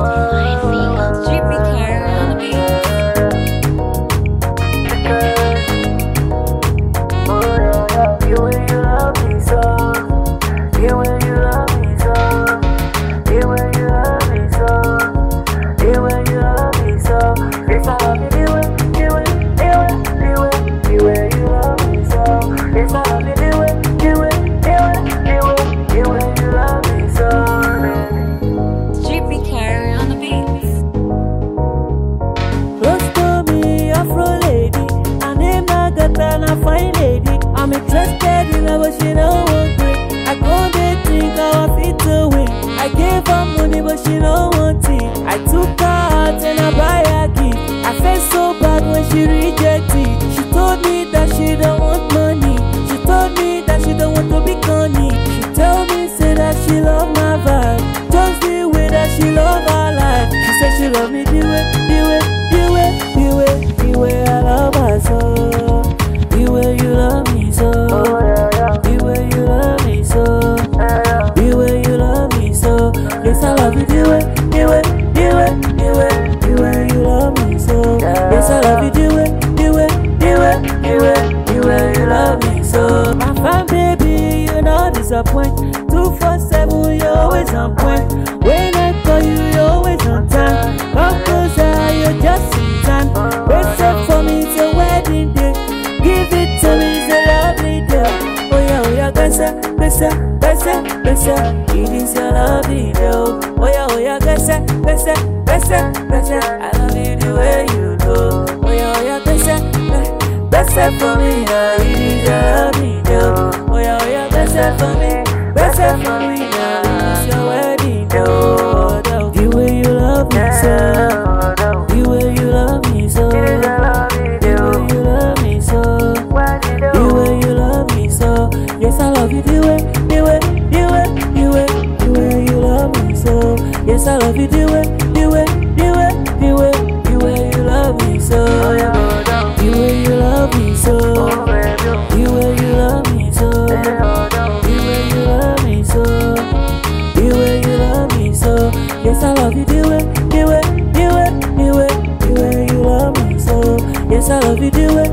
Oh. gẹsẹ gẹsẹ gẹsẹ ìdísẹ lọbi rẹ o oya oya gẹsẹ gẹsẹ gẹsẹ gẹsẹ I love you the way you do oya oya gẹsẹ gẹsẹ for me ìdísẹ lọbi rẹ o oya oya gẹsẹ for me gẹsẹ for me. love you do it.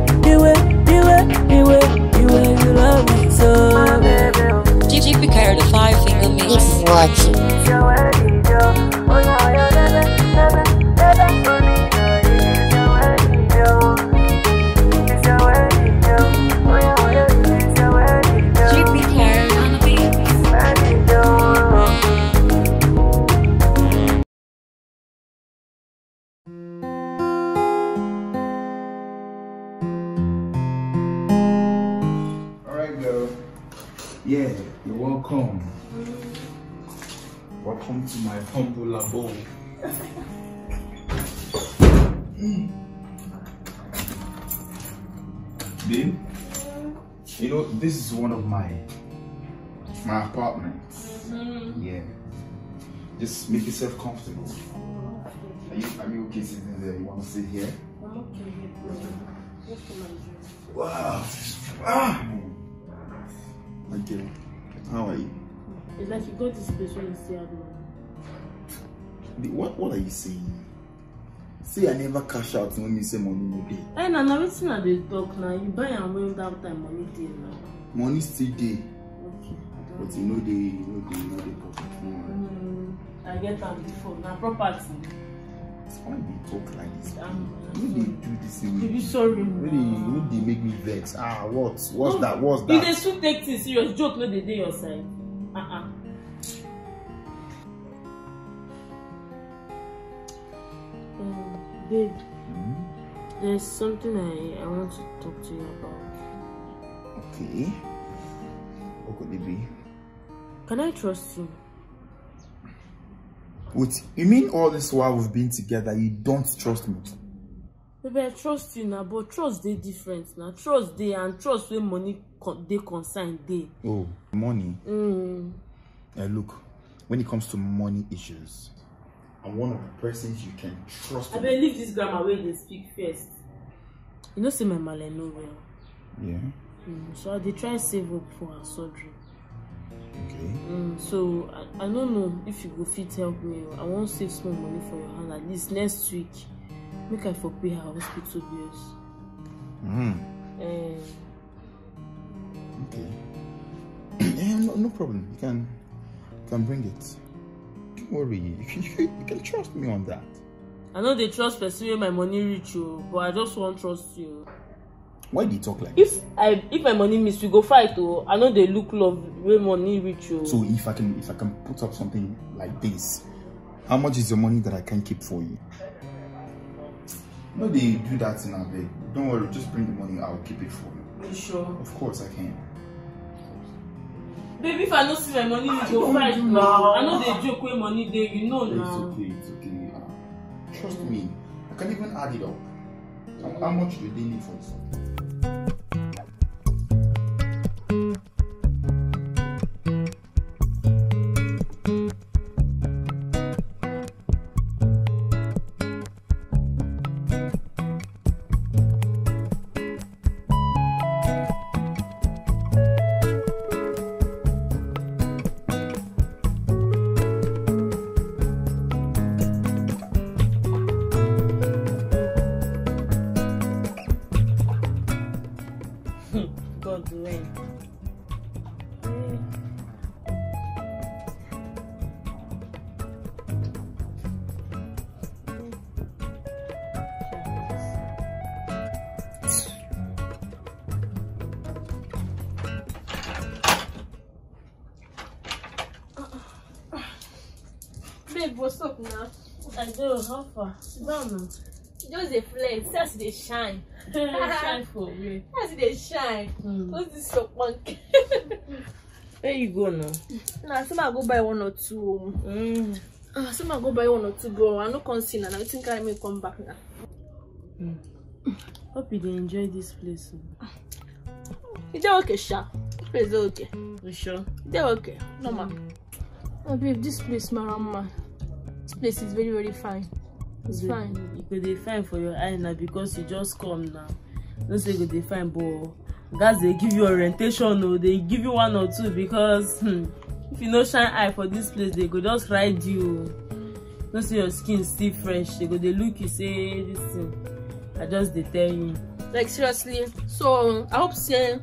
Mm. Babe, you know, this is one of my my apartments. Mm. Yeah. Just make yourself comfortable. Are you, are you okay sitting there? You want to sit here? I'm okay. Wow. Ah. you. How are you? It's like you go to space when you stay at What, what are you saying? See, i never cash out no mean say money no dey. Hey, eh, na na wetin i dey talk na you buy am when that time money dey na. money still dey okay, but e no dey e no dey e no dey pocket no hmm, i get am before na property. why you dey talk like this you dey do this you thing wey dey wey dey make me vex ah what what's no, that what's that. you dey soon take things serious joke no dey dey your side. Uh -uh. Babe, mm-hmm. there's something I, I want to talk to you about. Okay. What could it be? Can I trust you? Wait, you mean all this while we've been together, you don't trust me? Baby, I trust you now, but trust they different now. Trust they and trust when money con- they consign they. Oh, money. Mm. Uh, look, when it comes to money issues, and one of the persons you can trust. I believe this grammar where they speak first. You know, see my male no well. Yeah. Mm, so they try save up for her surgery. Okay. Mm, so I, I don't know if you go fit help me. I want not save small money for your hand at least next week. Make I for pay her hospital bills. Hmm. Um, okay. yeah, no, no problem. You can you can bring it. Don't worry. You can, you you can trust me on that. I know they trust pursuing my money reach you, oh, but I just won't trust you. Why do you talk like if this? I if my money miss, we go fight oh. I know they look love where money reach you. Oh. So if I can if I can put up something like this, how much is the money that I can keep for you? No, they do that in our bed. Don't worry, just bring the money, I'll keep it for you. Are you sure? Of course I can. baby if i no see my money you go fight now i no dey joke wey money dey you know now. it's okay it's okay uh, trust me i can even add it up how much do they need for something. how far? no. down now. Just a flex. That's the shine. shine for me. That's the shine. Mm. What's this so punk? Where you go now? Nah, some I go buy one or two. Oh. Mm. Uh, ah, some I go buy one or two, go. I no can see now. I think I may come back now. Mm. Hope you enjoy this place. It's oh. okay, Sha. This place is okay. You sure? It's okay. No, ma. Mm. Oh, babe, this place, my Marama. place is very very fine it's you fine you go dey fine for your eye na because you just come now no say you go dey fine but gas dey give you orientation o oh. dey give you one or two because hmm, if you no shine eye for this place they go just ride you o oh. no say your skin still fresh they go dey look you say this thing i just dey tell you. like seriously so i hope say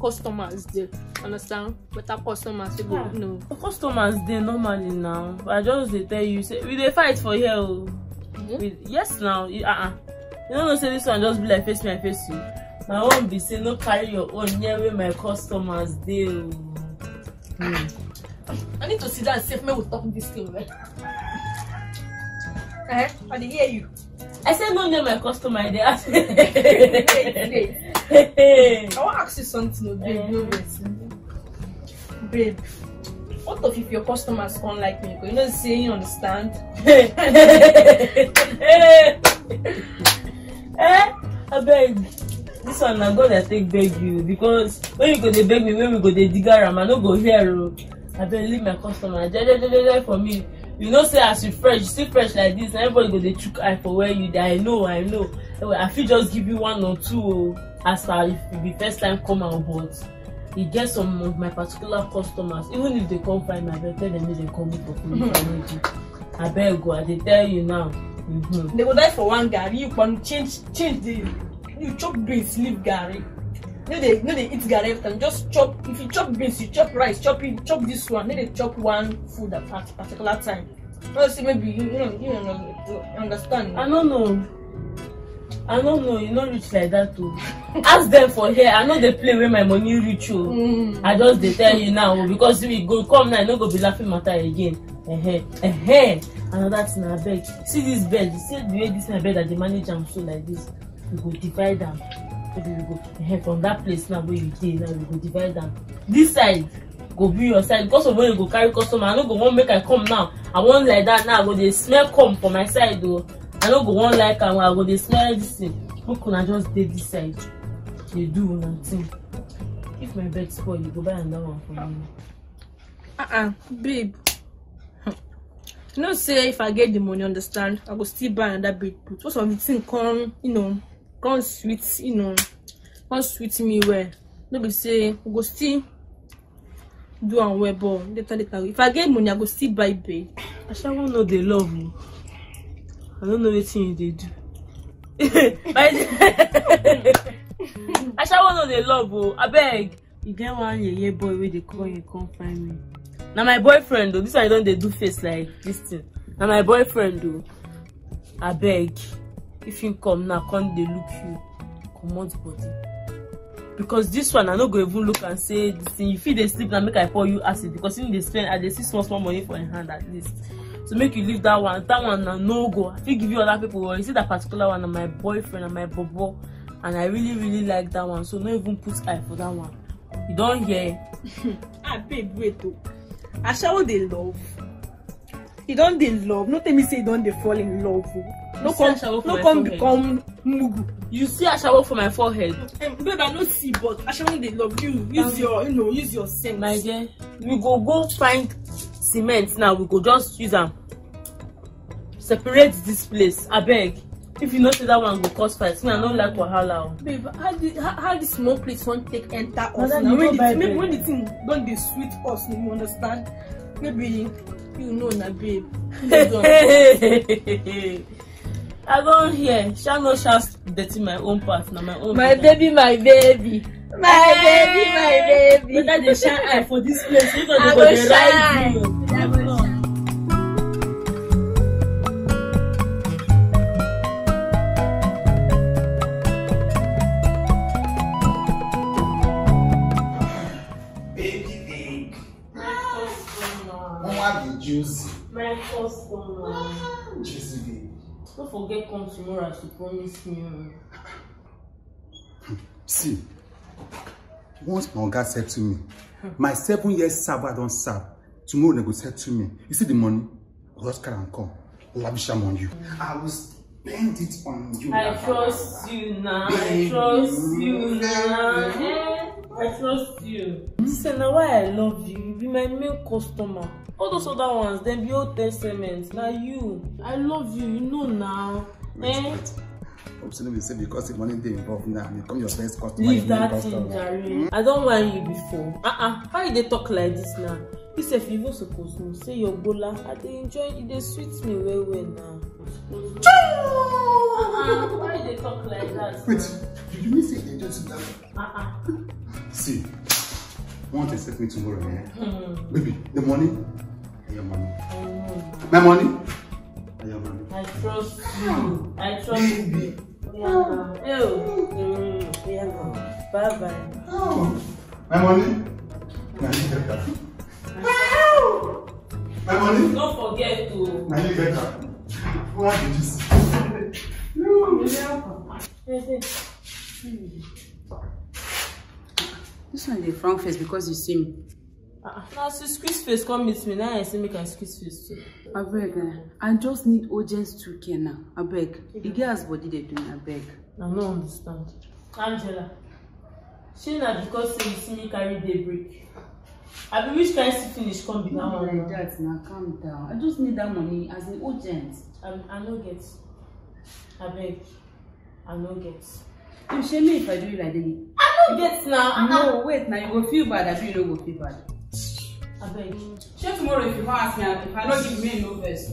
customers dey understand better customers wey go ah. know. customers dey normally now i just dey tell you say we dey fight for here o. Oh. Mm-hmm. yes now you, uh-uh. you no know say this one just be like face me face you oh. my own be say no carry your own near where my customers dey o. Oh. Mm. i need to sit down sef make we talk this thing well. Eh? Right? Uh-huh. Eh? i dey hear you. I said no name my customer they ask me. I want to ask you something, babe. Uh, eh. no, babe. Babe, what of if your customers can't like me? You know, say you understand. eh? I beg. This one na God I take beg you because when you go dey beg me, when we go dey dig around, I no go hear o. I beg leave my customer jejejeje for me you know say as you fresh you still fresh like this everybody go dey chook eye for where you dey i know i know anyway i fit just give you one or two o oh, as per if you be first time come out but e get some of my particular customers even if they come find me abeg tell them make they call me for free if i no do abeg o oh, i dey tell you now. Mm -hmm. they go die for one garri you kpanu change change the you chop beans sleep garri no dey no dey eat garri every just chop if you chop beans you chop rice chop chop this one no dey chop one food at a particular time no say maybe you you know you know understand. i no know i no know you no reach like that o oh. ask dem for here i no dey play wey my money reach o oh. mm. i just dey tell you now oh, because we go come now you no go be laughing matter again uh-huh. Uh-huh. another thing abeg see this bed see the way this my bed i dey manage am so like this We go divide am maybe go from that place now wey you dey now we go divide am this side go be your side because of when you go carry customer i no go wan make i come now i wan like that now i go dey smell come for my side o oh. i no go wan like am i go dey smell this thing make una just dey this side dey do una thing if my bed spoil you go buy another one for me. Uh -uh, babe you know say if i get the money understand i go still buy another bed put most of the thing come you know come sweet you know come sweet me well no be say we go still do am well but later later if i get money i go still buy I bed. asawa know dey love you i no know wetin you dey do. I asawa know dey love o oh. abeg. e get one yeye boy wey dey call him come find me na my boyfriend o oh. this one don dey do face like this thing na my boyfriend o oh. abeg if him come now come dey look you comot body because this one i no go even look am say this thing you fit dey sleep na make i pour you acid because him dey spend i dey see small small money for him hand at least so make you leave that one that one na no go i fit give you other people but you see that particular one na my boyfriend na my bobo and i really really like that one so no even put eye for that one you don hear. ah babe wait o oh. asawo dey love you don dey love no tell me say you don dey fall in love o no come no come become mugu. you see asawo for my forehead. Um, babe i no see but asawo dey love you use um, your you know use your sense. my dear we go go find cement now we go just use am separate this place abeg if you know say that one go cause fight me i no like wahala o. babe how the how, how the small place wan take enter us now when the thing when the thing don dey sweet us you understand maybe you know na babe i don hear sha no sha dirty my own part na my own my baby my baby my baby my baby better dey shine eye for this place make no go dey ride you. awesome. Jesus, babe. Don't forget come tomorrow as you promised me. See, once my God said to me, my seven years serve I don serve. Tomorrow they go to me. You see the money? I'll just carry and come. Lavish am on you. Mm. I will spend it on you. I trust you now. I trust you now. Eh, I trust you. Listen, now why I love you. You be my main customer all those other ones dem be old testament na you i love you you know na. eh hope say no be say because the money they involved now you come your first customer leave that thing jare mm. i don't want you before ah uh ah -uh. why you dey talk like this now you sef you even suppose know say your gbola i dey enjoy e dey sweet me well well now. ah uh why you dey talk like that. wait did you mean say they just enjoy sit down. ah ah. see want to take me tomorrow eh. Mm -hmm. baby the money My money. My money? I trust you. I trust you. Yeah. Yeah. Bye bye. My money? My money. My money? Don't forget to. My money What did you This one is the front face because you see me. Ah. na to squeeze face come meet me now i say make i squeeze face too. abeg eh, i just need urgent two care now abeg the girls as body dey do me abeg. i no understand angela shey na because say you see me carry day break abi which kind see finish come be that one. no be like that na calm down i just need that money as in urgent. i I no get abeg i no get. you shame me if i do you like that. i no get na. no wait na you go feel bad abi you no go feel bad. abeg shey tomorrow if you wan ask me if i no give me no verse.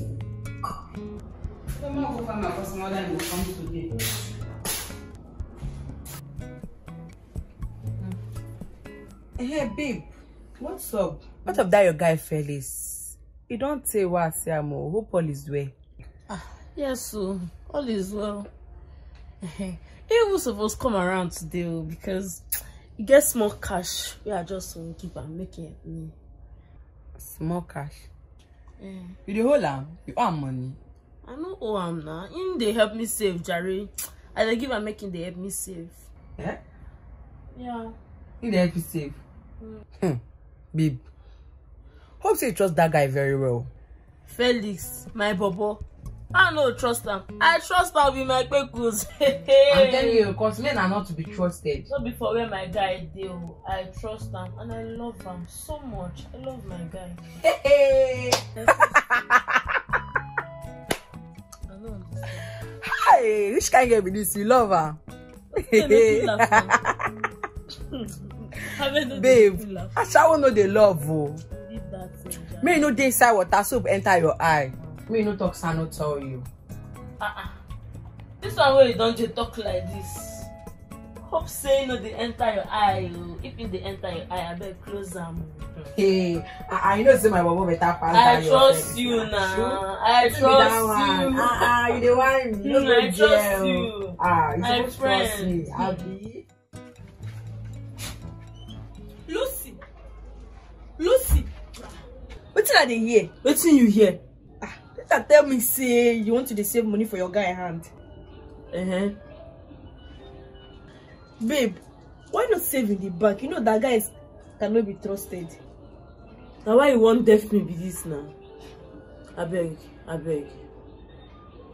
Come on, go find my customer we'll come today. Hmm. Hey babe, what's up? What of that your guy Felix? You don't say what say am oh. Hope all is well. Ah, yes, so all is well. he was supposed to come around today oh, because he gets more cash. We are just going to keep on making it. Mm. more cash eh. you dey hold am you owe am money i no owe am na him dey help me save jare i dey give am make him dey help me save eh yeah him dey help you save mm. hmm. babe hope say you trust dat guy very well felix my bobo I no trust am. I trust am with my kpekus. I'm telling you, because men are not to be trusted. No be for where my guy dey o. Oh. I trust am and I love am so much. I love my guy. Hey. Hi, which kind girl be this? You love am? Oh. Babe, Ashawo no dey love o. May e no dey inside water soap enter your eye me no talk say i no tell you. ah ah this one wey you don dey talk like this hope say e no dey enter your eye o if e dey enter your eye abeg close am. Hey, I, I know say my bobo better pass I trust you now. I trust you. Ah, ah, you the one. You know, I trust you. Ah, you my friend. Trust me, Abby. Lucy, Lucy, wetin I dey hear? Wetin you hear? doctor tell me say you want to dey save money for your guy hand uh -huh. babe why not save in the bank you know that guy cannot be trusted na why you wan def me be this na abeg abeg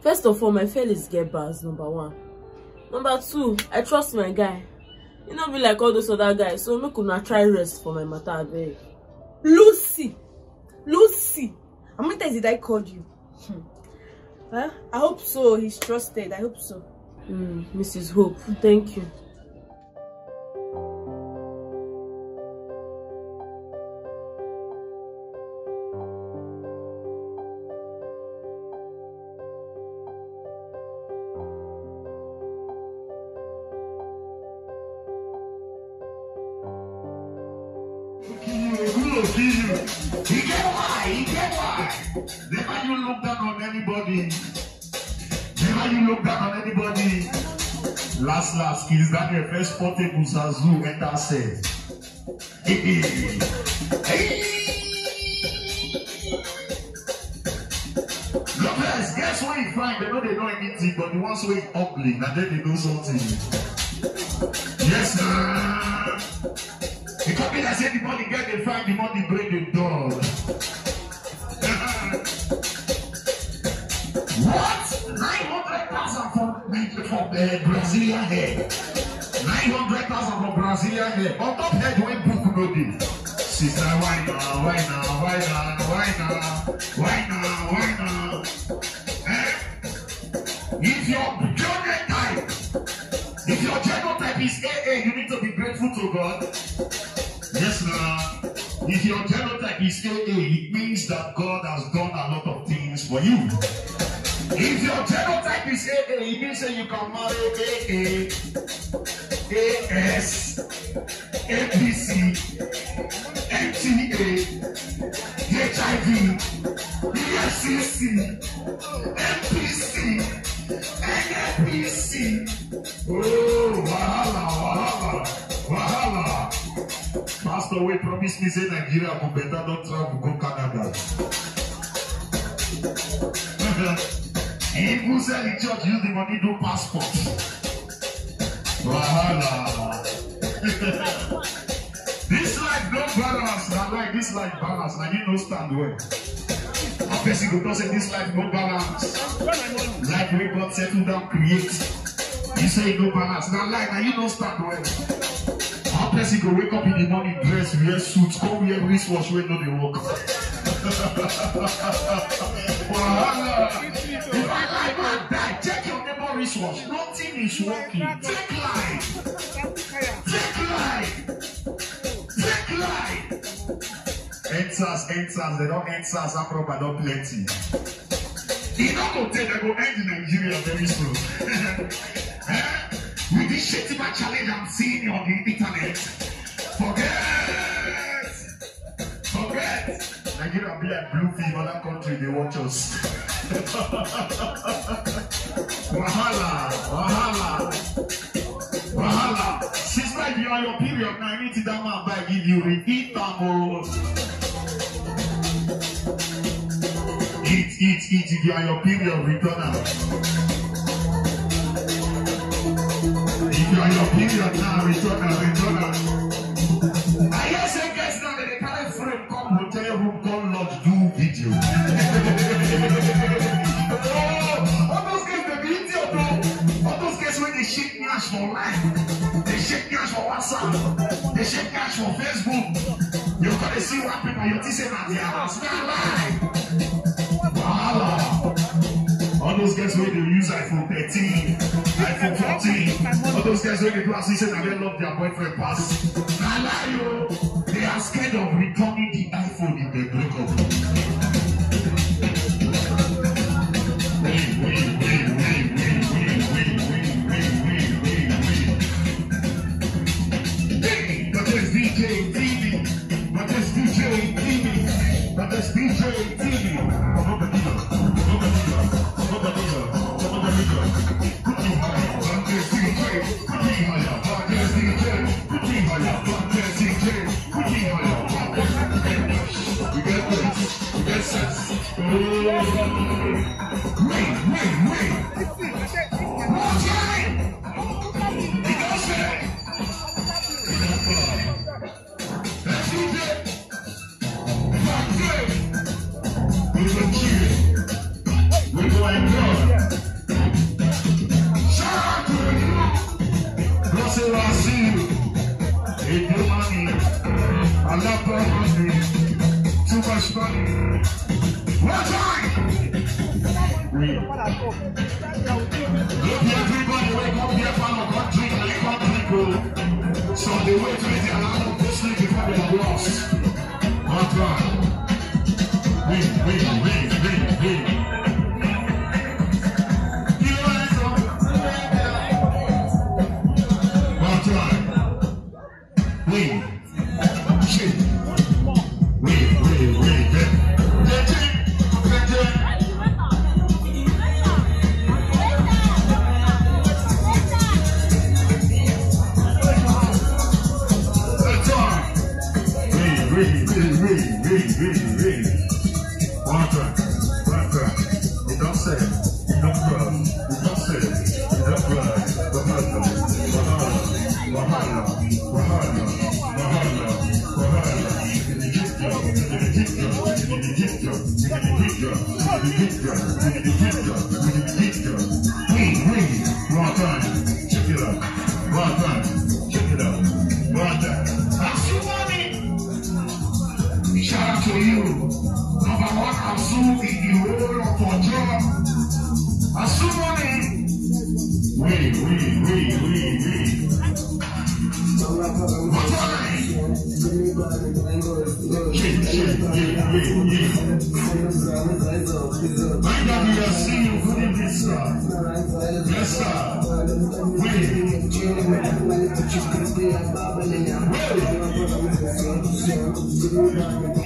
first of all my fellas get bars number one number two i trust my guy He no be like all those other guys so make una try rest for my matter abeg. lucy lucy how many times did i call you Hmm. huh? I hope so. He's trusted. I hope so. Mm, Mrs. Hope, thank you. skills that refers portables as you enter set. Hey. Lovers, guess where you find? They know they know anything, but the ones where ugly, and then they know something. Yes, sir. The company that said the money get they find the money break the door. Uh-huh. what? uh, Brazilian hair. 900,000 for Brazilian hair. On top head, ain't book no deal. Sister, why now, why now, why now, why now, why now, why now? Eh? If your genotype, if your genotype is AA, you need to be grateful to God. Yes, now. If your genotype is AA, it means that God has done a lot of things for you. If your genotype is AA, it means say you can marry AA, AS, APC, MTA, HIV, EFCC, MPC, NAPC. Oh, wahala, wahala, wahala. Pastor, we promise me say Nigeria go better, not travel, go Canada. Even said the church use the money do passport. Wahala. this life no balance. Na like this life balance. Na you don't stand well. A person go talk say this life no balance. Life wey God settle down create. You say no balance. Na like na you don't stand well. A person go wake up in the morning dress wear suits, go wear wristwatch wey no dey work. Check Nothing is working. Take life. Take life. Take life. Answers, answers. They don't answer. Afroba don't plenty. E no go take. They go end in Nigeria very soon. With this shitty challenge I'm seeing on the internet. Forget. Nigeria be like blue fever, that country they watch us. Wahala, wahala, wahala. Since you are your period, now I need to that man by give you repeat oh. Eat, eat, eat. If you are your period, return If you are your period now, return am, return am. I guess say now. cash for life. They shake cash for WhatsApp. They shake cash for Facebook. You gotta see what people you say at their house. Not lie. Wow. All those guys where they use iPhone 13, iPhone 14. All those guys where they do as and they love their boyfriend pass. Not lie, yo. They are scared of returning the iPhone. is DJ T. We get this, we get o k Venga mi vacío con Wait.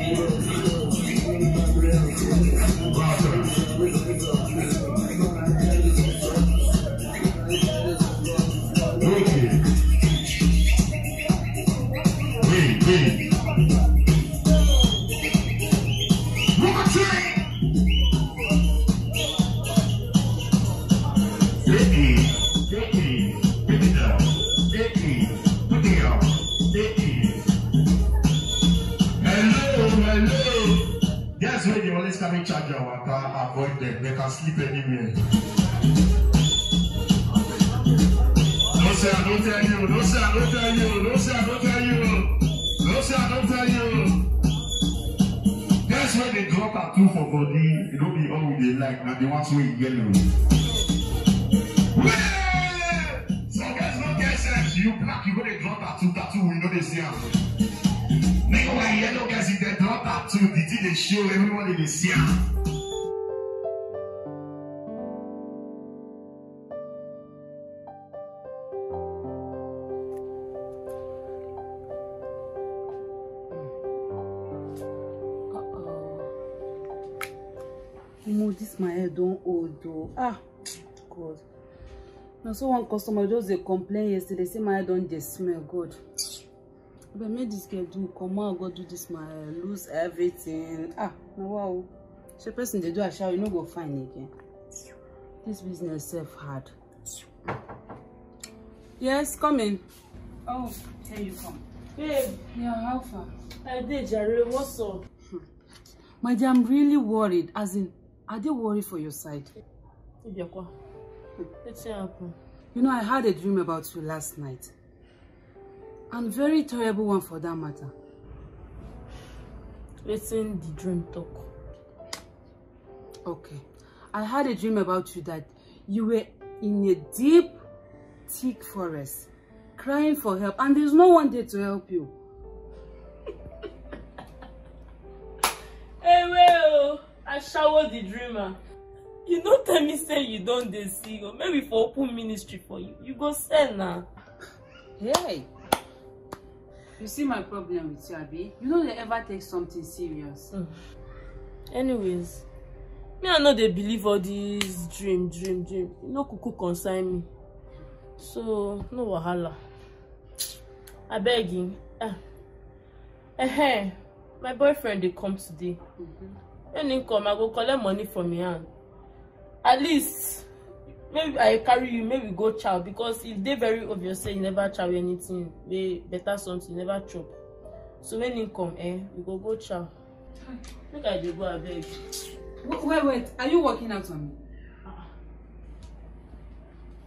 don hold o ah god Now, so one customer just dey complain yesterday say my don't dey smell good. But make this girl do comot go do this? my lose everything ah no, wow say person they do ashawo you no go find again This business sef hard yes come in oh here you come babe yeah how far i did, Jerry. what's up hmm. my dear i'm really worried as in are they worried for your side? let's You know, I had a dream about you last night. And very terrible one for that matter. Listen the dream talk. Okay. I had a dream about you that you were in a deep, thick forest, crying for help, and there's no one there to help you. hey, well. I shower the dreamer you don't tell me say you don't dey sick maybe for open ministry for you you go sell now. Hey. you see my problem with you abi you know they ever take something serious. Mm. anyways me i know they believe all these dream dream dream e no cuckoo consign me so no wahala I ah eh uh -huh. my boyfriend they come today. Mm -hmm when him come i go collect money from him hand at least maybe i carry you maybe go chow because e dey very obvious say you never chow anything wey better something you never chop so when him e come eh we go go chow make i dey go abeg. wait wait are you working out on me.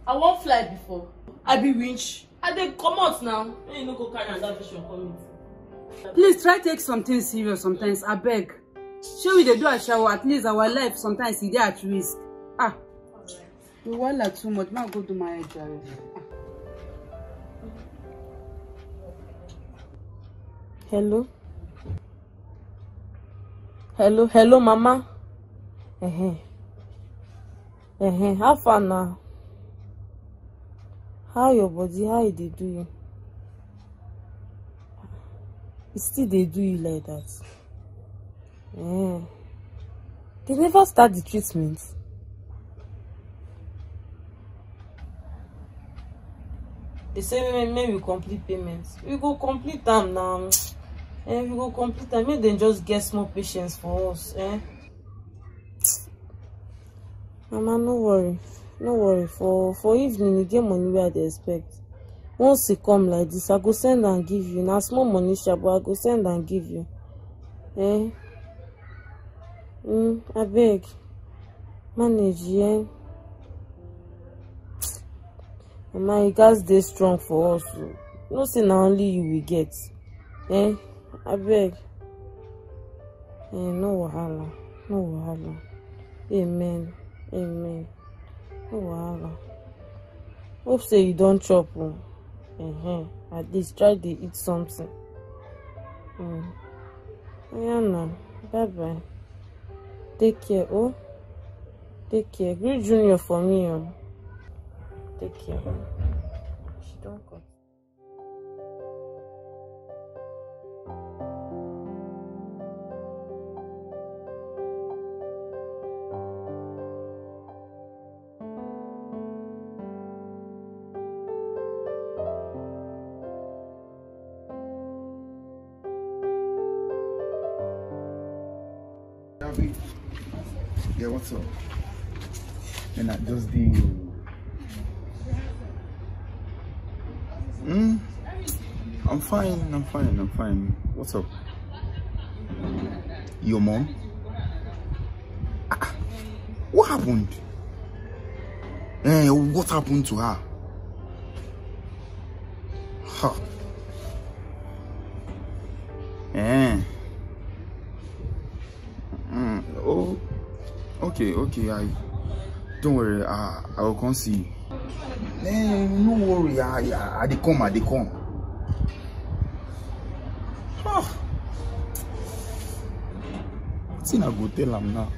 i wan fly before i be winch i dey comot now make you no go carry another vision come meet. please try take something serious sometimes abeg shey we dey do ashawo at least our life sometimes e dey at risk ah the wahala too much ma go do my head ah. jare. hello hello hello mama uh -huh. Uh -huh. how far na how your body how e dey do you e still dey do you like that. Mm. They never start the treatment. They say maybe we complete payments. We go complete them now. and eh, we go complete them. Maybe dem just get more patients for us. Eh? Mama, no worry. No worry. For for evening, you get money wey I dey expect. Once e come like this, I go send and give you. Now small money sha, but I go send and give you. Eh? um mm, abeg manage yen mama you gats dey strong for us oh. o know say na only you we get eh abeg eh no wahala no wahala amen amen no wahala hope say you don chop o uh -huh. at least try dey eat something. Mm. Yeah, no. Bye bye. Take care, oh. Take care. Greet Junior for me, oh. Take care. She don't come. Yeah, what's up? And I just the. Hmm. I'm fine, I'm fine, I'm fine. What's up? Your mom? Ah, what happened? Eh, what happened to her? Huh. okay okay i don't worry i i will come see you. no worry i i, I dey come i dey come. Oh. Ah. wetin i go tell him now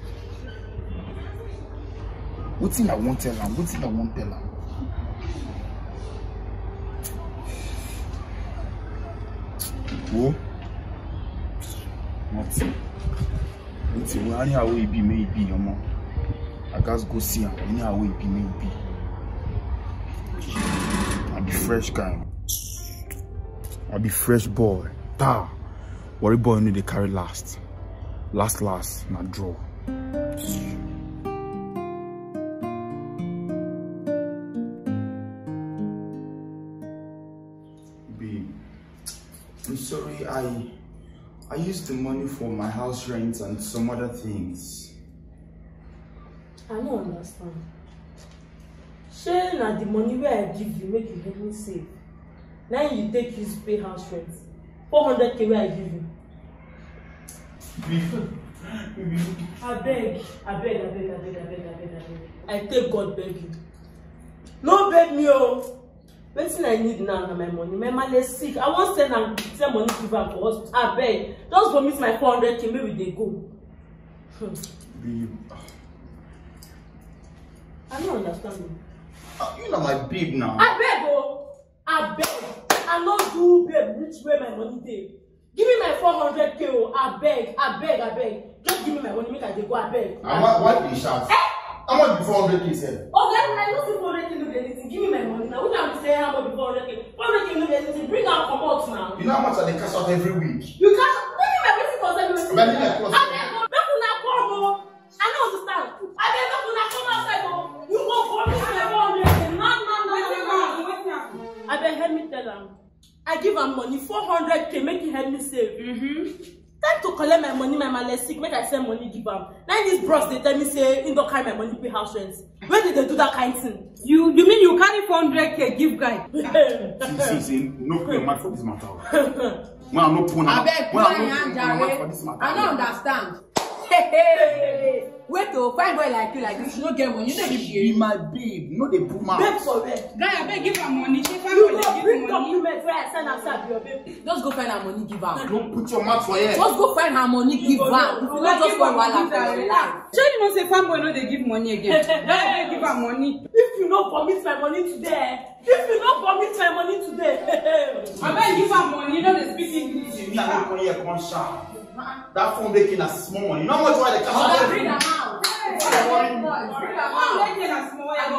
wetin i wan tell him? am wetin i wan tell him? wo nothing Nothing. wey anyhow wey e be maybe. Your mom. gats go see him. anyhow wey e be make be i be fresh guy i be fresh boy Ta, worry boy need to carry last last last My draw. Babe, I'm sorry I I used the money for my house rent and some other things. i no understand shey na the money wey i give you make you help me save na you take use pay house rent four hundred k wey i give you. abeg abeg abeg abeg abeg abeg abeg i take god beg you no beg me oo wetin i need now na my money my maale sick i wan send am send money give am for hospital abeg just go meet my four hundred k make we dey go. Hmm. hmm. I don't understand you. Uh, you know my babe now. I beg, oh. I beg. I know you, babe, Which way my money dey. Give me my 400k, oh. I beg, I beg, I beg. Just give me my money, make I dey go, I beg. I ah, want, why you shout? Eh? How much before 400k sef? Oh, let me, I know say 400k no be anything. Give me my money now. Who can say how much before 400k? 400k no be anything. Bring am comot now. You know how much I cash out every week? You cash out? What do you mean by wetin concern you? I give am money, four hundred k make he help me save. Mm -hmm. Time to collect my money, my man sick, make I send money, give am. Now this bros, they tell me, say, he don't carry my money, pay house rent. Where did they do that kind of thing? You, you mean you carry four hundred k give guy? see, see, see, no play my for this matter. When I'm not poor, I'm not poor, I'm not for I don't understand wait o oh, fine boy like you like this you no get money you no dey she be my babe no dey put mouth. babe for where. guy abeg give am money she fine boy dey give money. you go bring compliment wey i send am sef your babe. just go find her money give am. no put your mouth for here. just go find her money give am you no just want wahala for your life. shey you know say fine boy no dey give money again guy abeg give am money. if you no vomit my money today if you no vomit my money today. abeg give am money no dey speak english. you need to come here come shout. that phone breaking na small money. You know how why they cash out? Bring them out. Bring them out. Bring them out.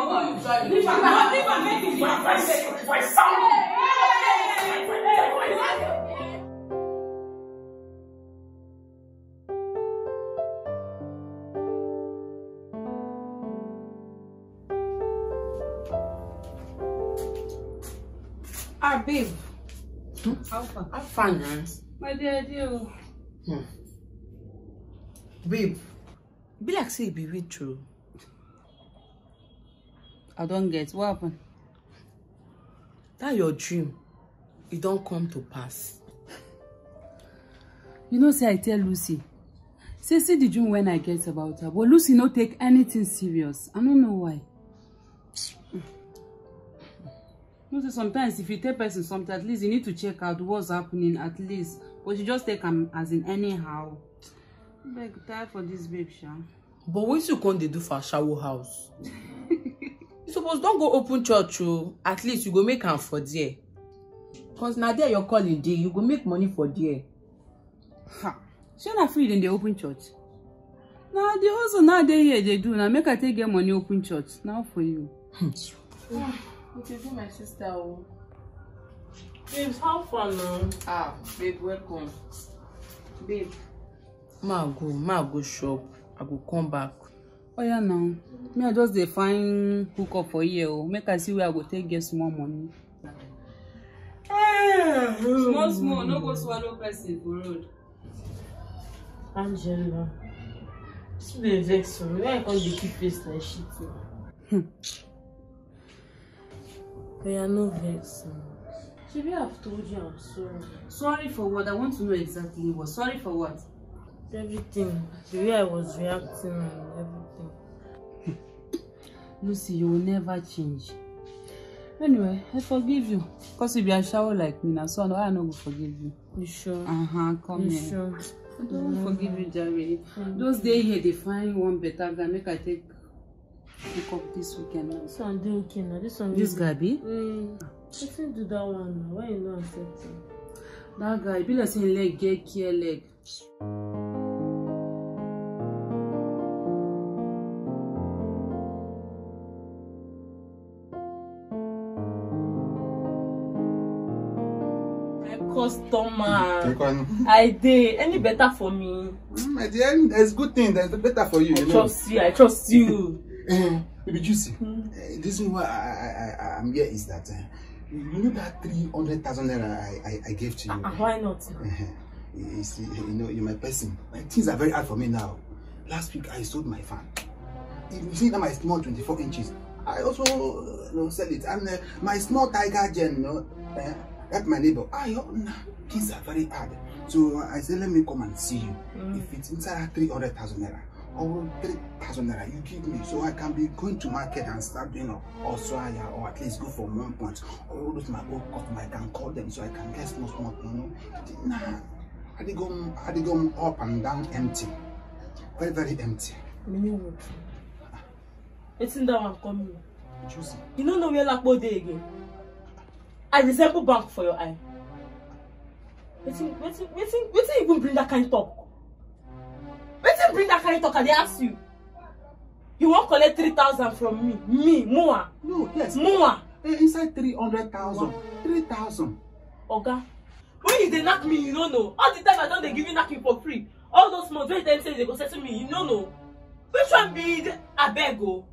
Bring them out. Hmm. Babe. Be like say e be with true. I don't get what happened. That your dream, it don't come to pass. You know, say I tell Lucy. Say, see the dream when I get about her. But Lucy no take anything serious. I don't know why. You know, say sometimes if you tell person something, at least you need to check out what's happening. At least but she just take him as in anyhow beg tired for this babe sha. but wetin you come they do for ashawo house you suppose don't go open church o oh. at least you go make him for there Cause now there you're calling dey you go make money for there. ha shey na free dem dey open church Now the hustle now they here they do now make i take your money open church now for you. Yeah, it dey do my sister Oh. Babes, how far now? Ah, babe, welcome. Babe. Ma go, ma go shop. I go come back. Oh yeah now. Me I just define hook up for you. Oh. Make I see where I go take get small money. Eh, hmm. small small, no go swallow person for road. Angela. She dey vex for oh. me. Why I come dey keep face like shit now? Oh? Hmm. Oya no vex now. i have told you I'm sorry. Sorry for what? I want to know exactly what. Sorry for what? Everything. The way I was reacting and everything. Lucy, you will never change. Anyway, I forgive you. Because if you are shower like me now, so no, I know will forgive you. You sure? Uh-huh, come you here. sure? I don't mm -hmm. forgive you, Jerry. Those days here, they find one better than make I take pick up this weekend. This one do okay now. This one. This Gabi. Mm. wetin do dat one na why you no accept am dat guy e be like say im leg get care leg. customer i dey any better for me. At my dear there's good thing there's better for you. i you know? trust you i trust you. Eh, e baby juicy mm. uh, eh, the reason why i i i am here is that. Uh, you know that 300,000 naira I, I, I gave to you? Uh, why not? you, uh-huh. see, you know, you're my person. My things are very hard for me now. Last week, I sold my fan. You see, now my small 24 inches. I also uh, you know, sell it. And uh, my small tiger gen, you know, uh, help my neighbor. I, oh, ah, nah, things are very hard. So uh, I said, let me come and see you. Mm. If it's inside 300,000 naira, or three thousand naira you give me so I can be going to market and start doing or osraya or at least go for one point or all those my old customer I can call them so I can get small small money. Nah, I dey go I dey go up and down empty, very very empty. Meaning what? Wetin that one come you? Juicy. You no know where Lakpo dey again. I resemble bank for your eye. Wetin wetin wetin wetin even bring that kind talk? wetin bring that kind talk i dey ask you you won't collect three thousand from me me mua no yes mua eh inside three hundred thousand three thousand. oga when you they knock me you don't know all the time i don't. They give you knocking for free all those months when they say they go settle me you don't know which one be I abeg o.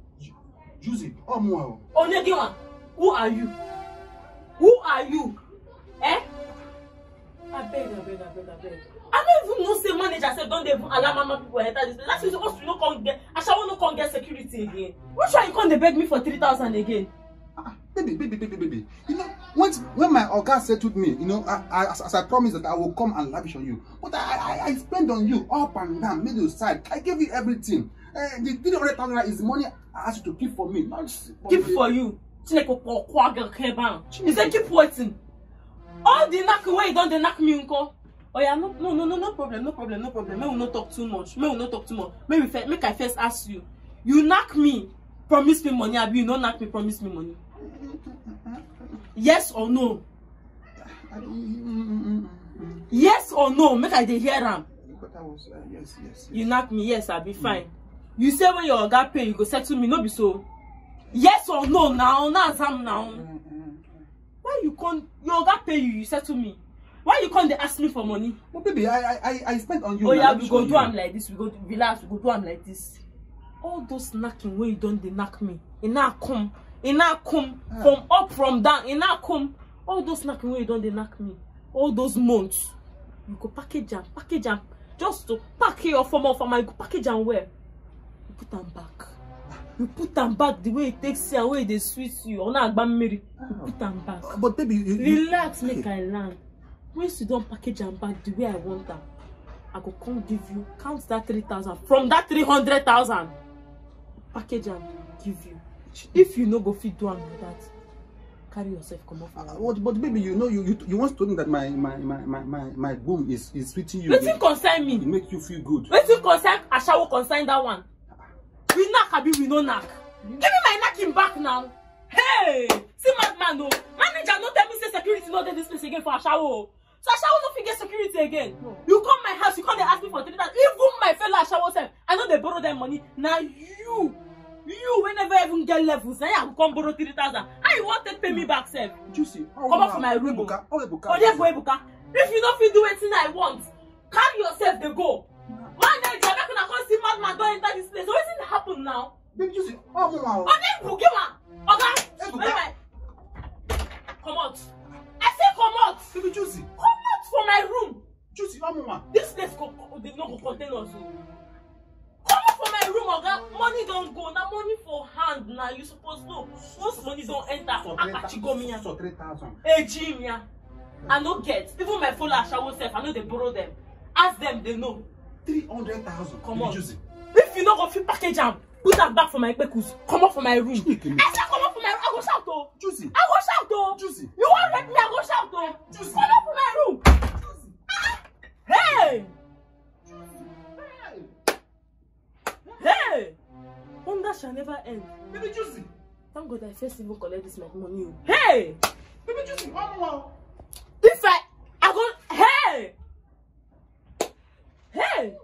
use it ọmọ oh, ọ. onegiwa who are you who are you eh I abeg abeg abeg abeg. I don't even know say manager say don't even allow mama people enter this place. That's supposed to no come get shall no come get security again. Which should you come dey beg me for 3,000 again? Baby, baby, baby, baby, baby. You know, when, when my oga settled me, you know, I, I, as, as I promised that I will come and lavish on you. But I, I, I spent on you up and down, middle side. I gave you everything. Uh, the 300,000 is money I asked you to keep for me. Not keep for you. Chineke kwa keep waiting. All the knack way don dey knock me uncle oh yeah no no no no no problem no problem no problem make we no talk too much make we no talk too much make we first make i first ask you you knack me promise me money abi you no knack me promise me money yes or no yes or no make i dey hear am you knack me yes abi fine mm. you say when your oga pay you go settle me no be so yes or no na una answer am na why you come your oga pay you you settle me why you come dey ask me for money. But baby i i i spend on you. oya oh, yeah, we go do am like this we go relax we go do am like this all those knacking wey you don dey knack me e na come e na come ah. from up from down e na come all those knacking wey you don dey knack me all those months you go package am package am just to pack your form of am you go package am well you put am back you put am back the way e take see am wey e dey sweet you ọ̀nà àgbá mmiri you ah. put am back but baby you, you relax make i land once you don package am back the way i want am i go come give you count that three thousand from that three hundred thousand package am give you if you no go fit do am like that carry yourself comot from am. Uh, but but baby you know you you, you once told me that my my my my my, my womb is is treating you. wetin concern me. e make you feel good. wetin concern asawo concern that one we knack abi we no knack give me my knacking back now hey see madman o oh. manager no tell me say security no dey dis place again for asawo o ashawo no fit get security again no. you come my house you come dey ask me for three thousand even my fellow ashawo sef i no dey borrow dem money na you you wey never even get levels na you come borrow three thousand how you wan take pay me back sef out for my room o odebo oh. ebuka if you no fit do wetin i want carry yourself dey go one day the make una come see madman don enter this place so wetin happen now. baby juicy ọmọ wa o. odebo give am oga. ebuka out. i say come out. baby juicy my room choose your mama this place go They no go contain us oh. Come comot for my room oga money don't go na money for hand Now you suppose know Most money don't enter go Three thousand. akachigomiya ejimiya i no get even my follow asawo self. i no they borrow them. ask them, they know. three hundred thousand comot if you no go fit package am put that back for my kpekus comot for my room i say comot for my room i go shout o oh. i go shout o oh. you wan let me i go shout Come up for my room. Hey, Wonder shall never end. Baby Juicy. Thank God I first even collect this my money. Hey! Baby Juicy, one more. If I, I go, hey! Hey!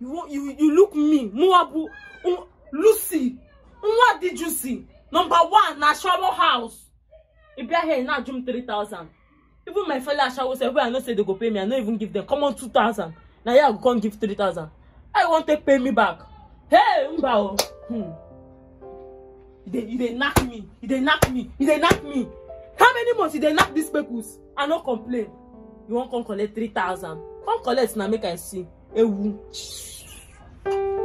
You, you, you look me, Moabu, um, Lucy, what did you see? Number one, na house. If you're here, now jump 3,000 even my fellow asawo sef wey i know say dey go pay me i no even give dem common two thousand na here i go come give three thousand how you wan take pay me back hey mba o hmm. you dey knack me you dey knack me you dey knack me how many months you dey knack these peoples. i no complain you wan come collect three thousand come collect na make i see ewu. Eh,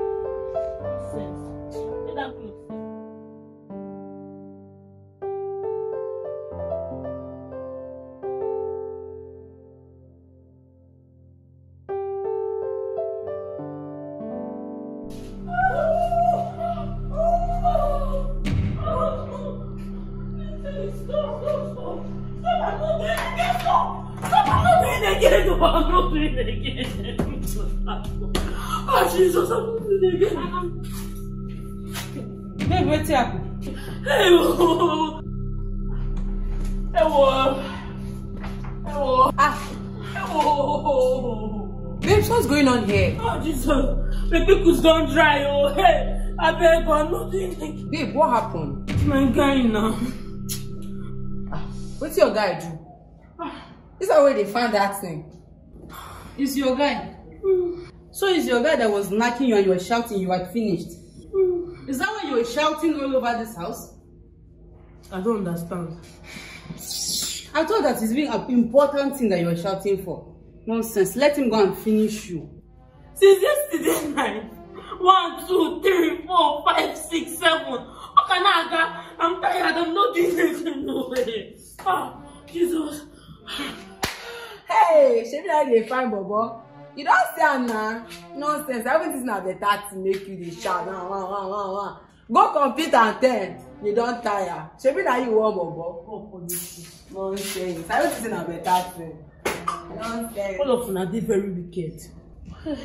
I don't do it again. oh, Jesus, I don't do it again. Babe, what's Ah. Hey, Babes, what's going on here? Oh, Jesus. The pickles don't dry, oh. Hey, I beg, I'm not doing it Babe, what happened? My guy now. Ah, what's your guy do? Ah. This is where they found that thing. It's your guy. So it's your guy that was knocking you and you were shouting you had finished. Is that why you were shouting all over this house? I don't understand. I thought that is being an important thing that you were shouting for. Nonsense. Let him go and finish you. Since yesterday night, one, two, three, four, five, six, seven. Okay, now I'm tired. I'm not doing this No way. Ah, Jesus. Ah. hey shebi i dey find bobo you don see am na nonsense everything na better thing make you dey shout na wan wan wan wan go compete and ten you don tire shebi na you wan bobo nonsense I everything na better thing nonsense. all of una dey very wicked. yeah!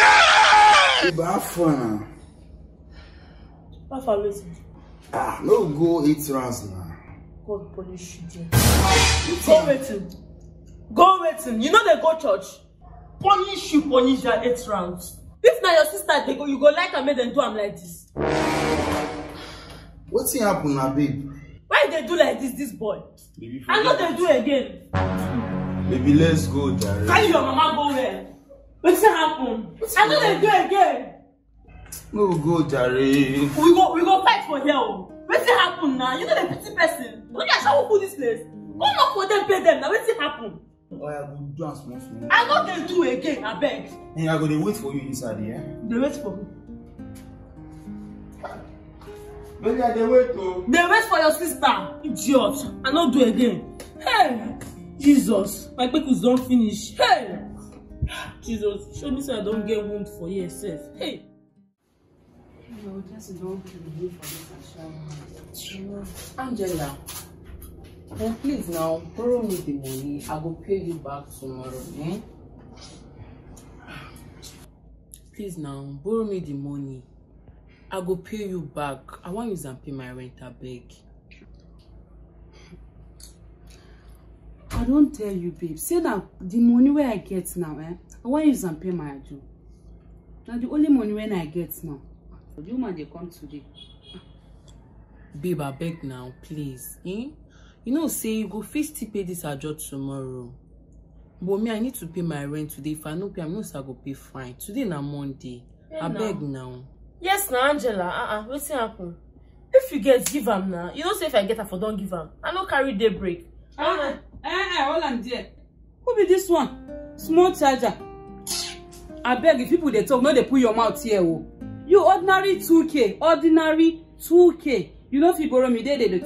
Yeah! ìbá fún How far is Ah, no go eight rounds now. God punish you there. Go waiting. Go waiting. You know they go church. Punish you, punish your eight rounds. If now your sister, they go, you go like I made them do am like this. Wetin happen na babe? Why they do like this, this boy? Baby, I know they do again. Baby, let's go, Jare. Carry your mama go where? Wetin happen? I know they do again no go jare. we go we go fight for here Oh, o it happen now. you know the pity person no dey ashawo full this place go knock for them, pay them. Now na it happen. Oh, I go do am small small. i no do again I beg. eh i go dey wait for you inside here. Yeah? dey wait for me. baby are dey wait o. Oh. dey wait for your sister idiot i not do again hey jesus my pickles don't finish hey jesus show me so i don't get wound for yourself. hey. Angela, well, please now borrow me the money. I will pay you back tomorrow. Eh? Please now borrow me the money. I go pay you back. I want you to pay my rent abeg. I don't tell you babe See now, the money where I get now eh, I want you to pay my ado. Now the only money when I get now. uju man they come today babe I beg now please eh? you know say you go fit to pay this ajo tomorrow but me i need to pay my rent today if i no pay I'm know say i go pay fine today na monday I beg now. now yes na angela uh -uh. wetin happen if you get give am now, you know say if i get am for don't give am i no carry daybreak. break. Uh -uh. Uh -uh. all am there who be this one small charger I beg if people they talk no they put your mouth here Oh you ordinary 2k ordinary 2k you no fit borrow me dey dey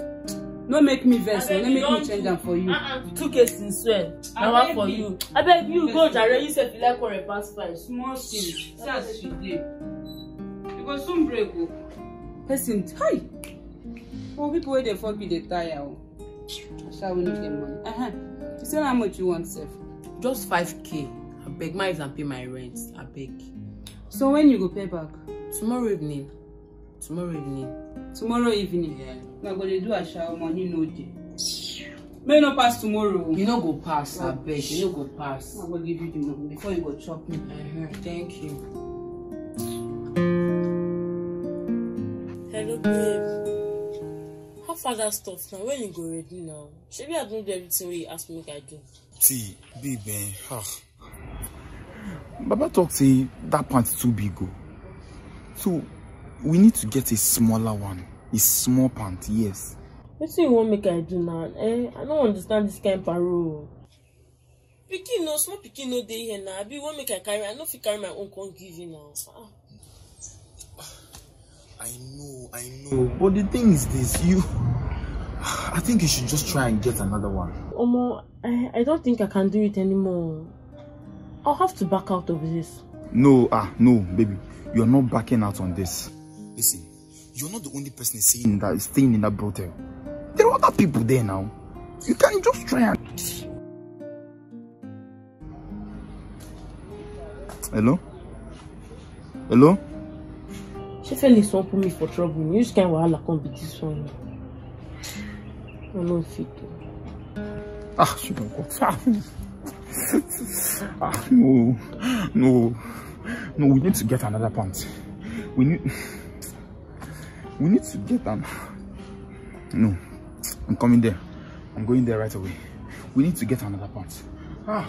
no make me vex no make me change am for you. Uh-uh. two k sincere na one for you abeg you go jare you sef like quarrel pass five. small thing see as she dey you go soon break o. Oh. person hi For people wey dey fuck me dey tire o oh. sha we need get money uh -huh. you say how much you want sef. just five k abeg my exam pay my rent abeg. so when you go pay back tomorrow evening tomorrow evening. tomorrow evening yeah. na go dey do asha omo No ode may no pass tomorrow. you no go pass oh. abeg you no go pass. i go give you the money before you go chop me. Uh huh. thank you. hello babe how far that stuff na when you go ready now shebi i don do everything wey you ask me make i do. tii babe eh ah baba talk say that pant too big o. Oh. So we need to get a smaller one. A small pant, yes. What do you want make I do now? Eh? I don't understand this kind of parole. Pikin no, small picking no day here now. Abi want make I carry? I no fit carry my own con give you now. Ah. I know, I know. But the thing is this, you I think you should just try and get another one. Omo, I, I don't think I can do it anymore. I'll have to back out of this. No, ah, no, baby. You are not backing out on this. Listen, you're not the only person seeing that is staying in that brothel. There are other people there now. You can just try and... Hello? Hello? She fell in one put me for trouble. You just can't wait come be this one. I'm not fit. Ah, she don't go. ah, no. No. No, we need to get another pant. We need we need to get them. no. I'm coming there. I'm going there right away. We need to get another pant. Ah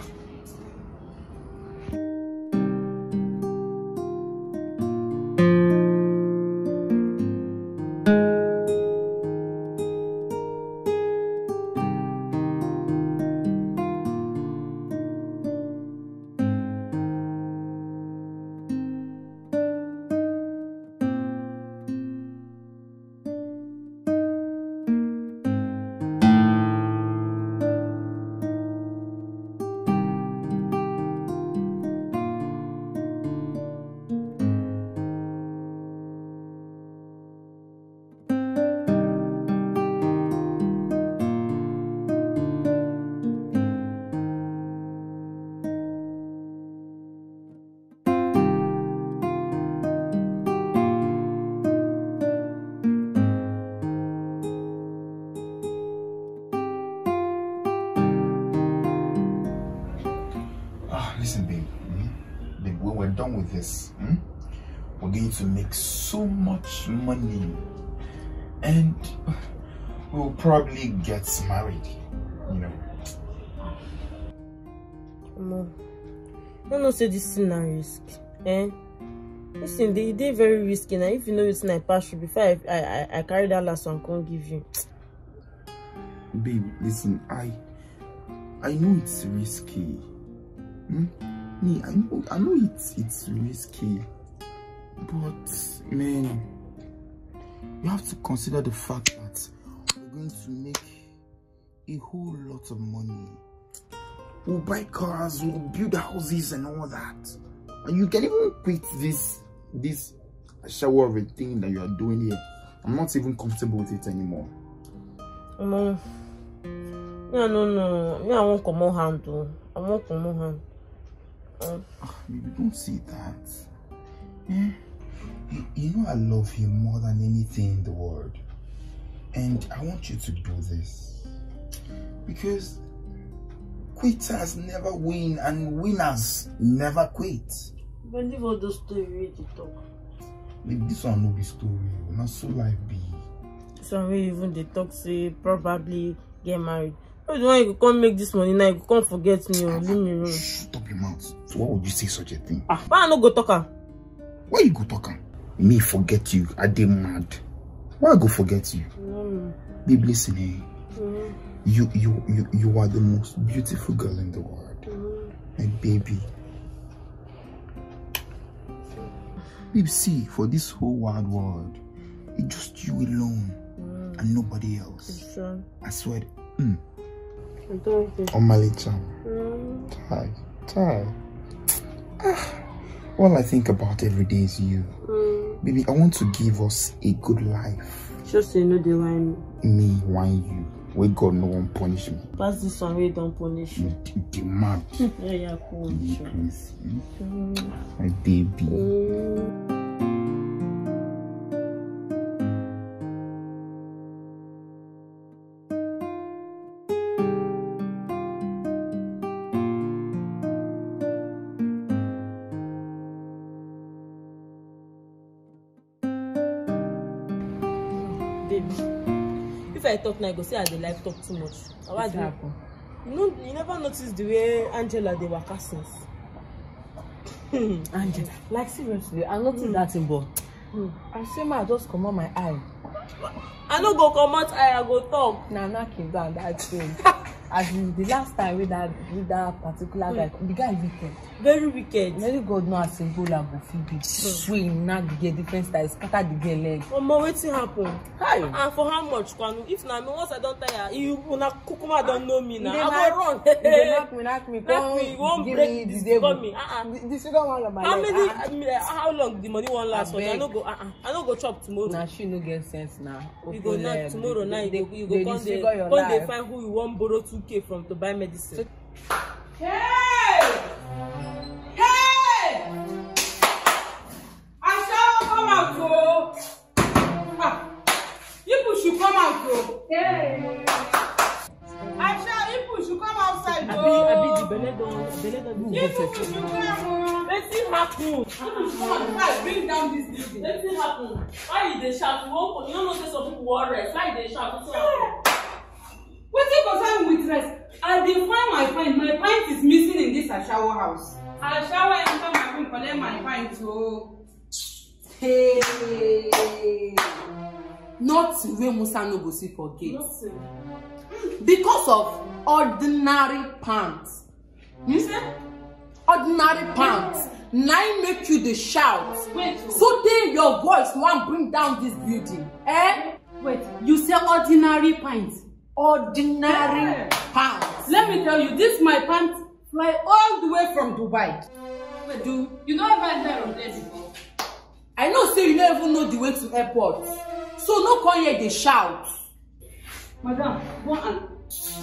we'll probably get married, you know. Mom, no, no, say this is not risk, eh? Listen, they they very risky now. If you know it's not past, before, I, I I carry that last one, can't give you. Babe, listen, I I know it's risky. Hmm? Me, I know I know it's it's risky, but man you have to consider the fact that we're going to make a whole lot of money. We'll buy cars, we'll build houses and all that. And you can even quit this this shower of a thing that you are doing here. I'm not even comfortable with it anymore. No, no, no, no. I won't come on hand too. I won't come on hand. oh, baby, don't say that. Yeah you know I love you more than anything in the world. And I want you to do this. Because quitters never win and winners never quit. But leave all those story wey dey talk. Maybe this one no be story Not so life be. This one even they talk say probably get married. Why be you go come make this money now, you can come forget me Stop oh, leave me alone. Shut up your mouth. So why would you say such a thing? Ah, why I not go talk am? Why you go talk her? me forget you i did mad why i go forget you mm. babe listen eh. mm. you you you you are the most beautiful girl in the world mm. my baby Baby, see for this whole wide world it's just you alone mm. and nobody else sure. i swear mm. on my little mm. tie tie ah, all i think about every day is you Baby, I want to give us a good life. Just say no dey whine me. why you. we God no one punish me. Pass this one don't punish you. The man. Yeah, yeah, cool. Mm. My baby. Mm. now you go say i dey like talk too much awa do you no you never notice the way angela dey waka since. angela like seriously i notice mm. that thing but mm. i say ma just comot my eye. i no go comot eye i go talk. na knacking down that thing as in the last time wey that wey that particular guy mm. the guy wicked. very wicked very god know as im goal am go fit be wey im knack the girl different style scatter the girl leg omo wetin happen hi and for how much kwanu if na me once i don tire you una kukuma don ah, know me na i go run you dey knack me knack me come give me the table the second ah, ah. one I my leg how many eh, how long the money wan last for i no go i no go chop tomorrow na she no get sense na you go knack tomorrow now you go come dey come dey find who you wan borrow 2k from to buy medicine. Hey! o. I shall if you come outside. Abi Abi the belle don belle don do well for you. Wetin happen? If you come outside, bring down this building. Wetin happen? Why is dey shout? You wan you no know say some people wan rest. Why you dey shout? Wetin concern with rest? I dey find my pint. My pint is missing in this Ashawo house. Ashawo enter my room collect my pint too. Oh. Hey nothing wey musa no go see for gate hmm. because of ordinary pants hmm? ordinary pants na im make you dey shout so tey your voice wan bring down dis building eh. wait you say ordinary pants. ordinary yeah. pants. let me tell you this my pants fly all the way from dubai. wait do you no ever hear of them before i know say you no even know the way to airport so no come here dey shout. madam go and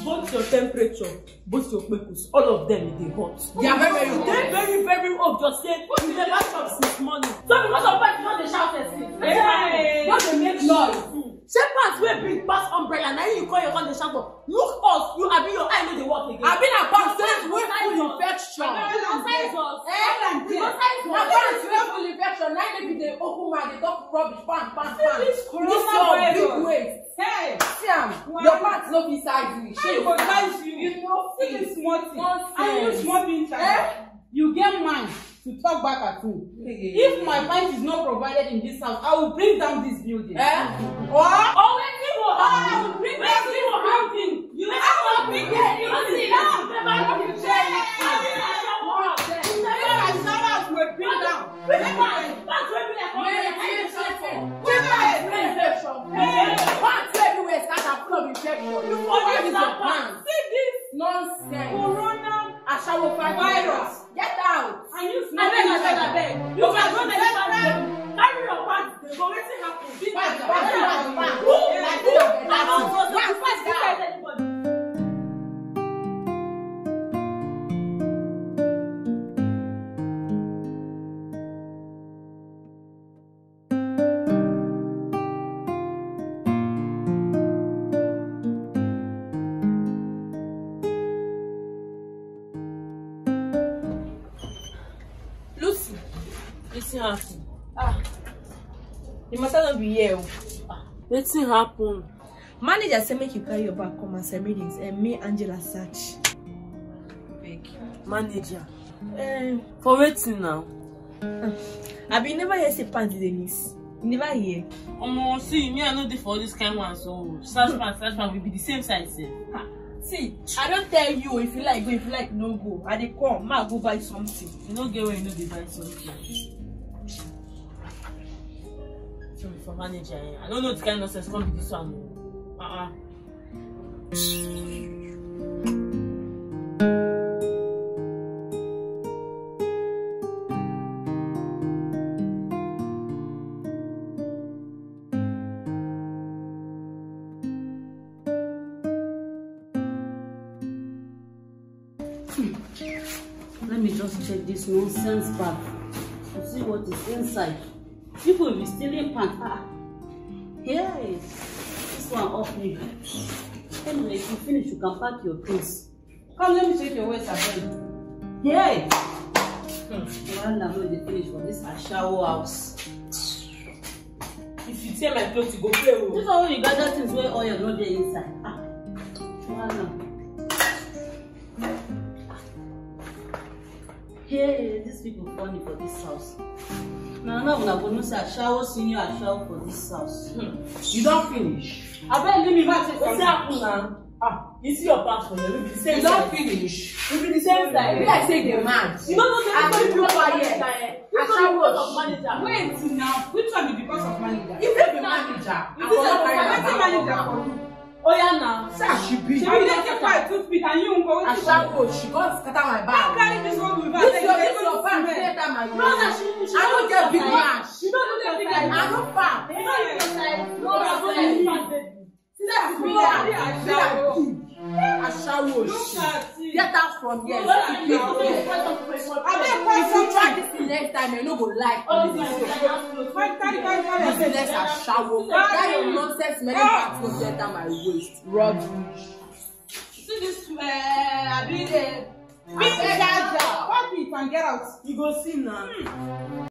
both your temperature both your kpekus all of them e dey hot. they are very very hot. dey very very hot just say you never chop since morning. so because of that you no dey shout at me. no dey make noise shepherds wey bring pass umbrella na you call your country shout for look us you abi your eye no dey work again. abi na pamphlet wey full infection. na pamphlet wey full infection na make you dey open mouth dey talk rubbish pam pam pam this is your big weight. Hey, Sam, um, your part no be size me. Shey, I go size you. You know, see small thing. I use small thing. Eh? You get mine to talk back at him. If my pint is not provided in this house, I will bring down this building. Eh? Or, or wetin go happen? Vai, vai, vai. wetin happen. manager say make you carry your bag come as emeries and eh, me angela search. manager um, for wetin now. abi you never hear say pants dey miss you never hear. omo see me i no dey for all this kind ones o search pants search pants we be the same size sef. Eh. see i don tell you if you like go if you like no go i dey come ma go buy something. you no get where you no dey buy something. Show me for manager. Eh? I don't know this kind of nonsense. Come with this one. Uh uh. Let me just check this nonsense bag to see what is inside. people be stealing pants ah, ah yes this one off me anyway if you finish you can pack your things come let me check your waist abeg hey hmm. wahala no dey finish for this shower house. if you tear my clothes, you go pay o. Oh. this one wey you gather things wey oil not dey inside ah wahala. Hey, these people funny for this house na now una go know say ashawo senior ashawo for dis house hmm. you don't finish abeg leave me back say wetin happen ah you see your back for be the same you don finish we be the same side e be say you mad you no know say because you for here wait na which one be because of manager you the manager i for manager oya na. say she be. shebi dey take my toothpick and you nko wetin you wan. asako she go scatter my bag. how carry this one with her. this your this your bag dey enter my room. no na she she no get big man. she don't get big man. i don't far. no you go say no you go say. Aṣáwó òṣì. Get out from here. you. If you try this thing next time, you no go like this thing. This less aṣáwó. That your nonsense many parts go enter my waist. Rubbish. See this, uh, I mean, uh, Big Jaja. What if you can get out? You go see now.